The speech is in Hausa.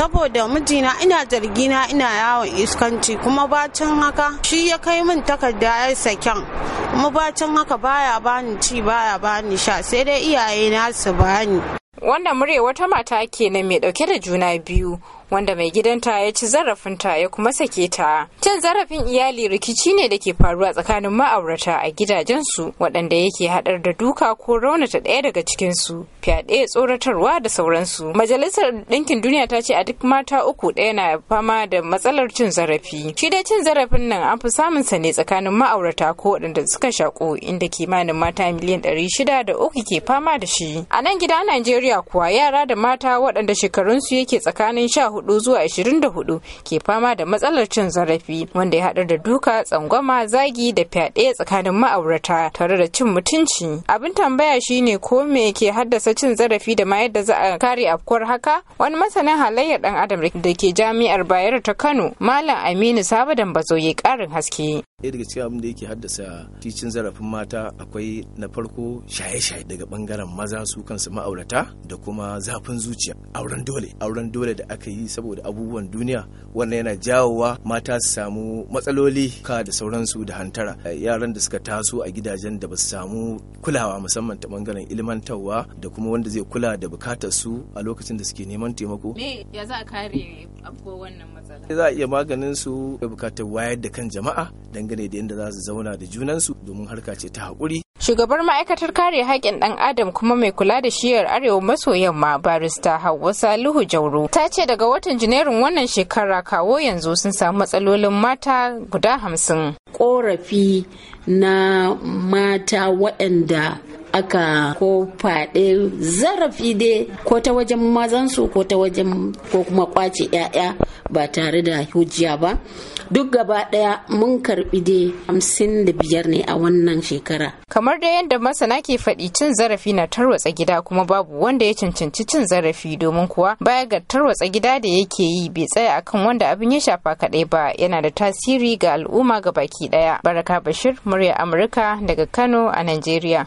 saboda mijina ina zargina ina yawon iskanci kuma bacin haka shi ya kai min takarda ya saken kuma bacin haka baya bani ci baya bani sha sai dai iyaye na su bani wanda murewa wata mata kenan mai dauke da juna biyu wanda mai gidanta ya ci zarafinta ya kuma sake ta cin zarafin iyali rikici ne da ke faruwa tsakanin ma'aurata a gidajensu waɗanda yake haɗar da duka ko raunata ɗaya daga cikinsu fyaɗe tsoratarwa da sauransu majalisar ɗinkin duniya ta ce a duk mata uku ɗaya na fama da matsalar cin zarafi shi dai cin zarafin nan an fi samun sa ne tsakanin ma'aurata ko waɗanda suka shaƙo inda kimanin mata miliyan ɗari shida da uku ke fama da shi a nan gida najeriya kuwa yara da mata waɗanda shekarunsu yake tsakanin sha 24 zuwa 24 ke fama da matsalar cin zarafi wanda ya haɗar da duka tsangwama zagi da fyaɗe tsakanin ma'aurata tare da cin mutunci abin tambaya shine ko me ke haddasa cin zarafi da ma yadda za a kare afkuwar haka wani masanin halayyar dan adam da ke jami'ar bayero ta kano malam aminu sabadan bazo ya karin haske ɗaya daga cikin abin da yake haddasa ticin zarafin mata akwai na farko shaye-shaye daga bangaren maza su kansu ma'aurata da kuma zafin zuciya auren dole auren dole da aka yi saboda abubuwan duniya wannan yana jawowa mata su samu matsaloli ka da sauransu da hantara yaran da suka taso a gidajen da ba su samu kulawa musamman ta bangaren ilmantarwa da kuma wanda zai kula da bukatar su a lokacin da suke neman taimako me ya za a kare wannan matsala za a iya maganin su da bukatar wayar da kan jama'a dan dangane da yadda za su zauna da junansu domin harka ce ta haƙuri. Shugabar ma'aikatar kare haƙƙin ɗan Adam kuma mai kula da shiyar Arewa maso yamma barista Hauwa Salihu Jauro ta ce daga watan Janairun wannan shekara kawo yanzu sun samu matsalolin mata guda hamsin. Ƙorafi na mata waɗanda aka ko faɗe zarafi dai ko ta wajen mazansu ko ta wajen ko kuma kwace 'ya'ya ba tare da hujiya ba duk gaba ɗaya mun karɓi dai hamsin da biyar ne a wannan shekara kamar dai yadda masana ke faɗi cin zarafi na tarwatsa gida kuma babu wanda ya cancanci cin zarafi domin kuwa baya ga tarwatsa gida da yake yi bai tsaya akan wanda abin ya shafa kaɗai ba yana da tasiri ga al'umma ga baki ɗaya baraka bashir murya amurka daga kano a najeriya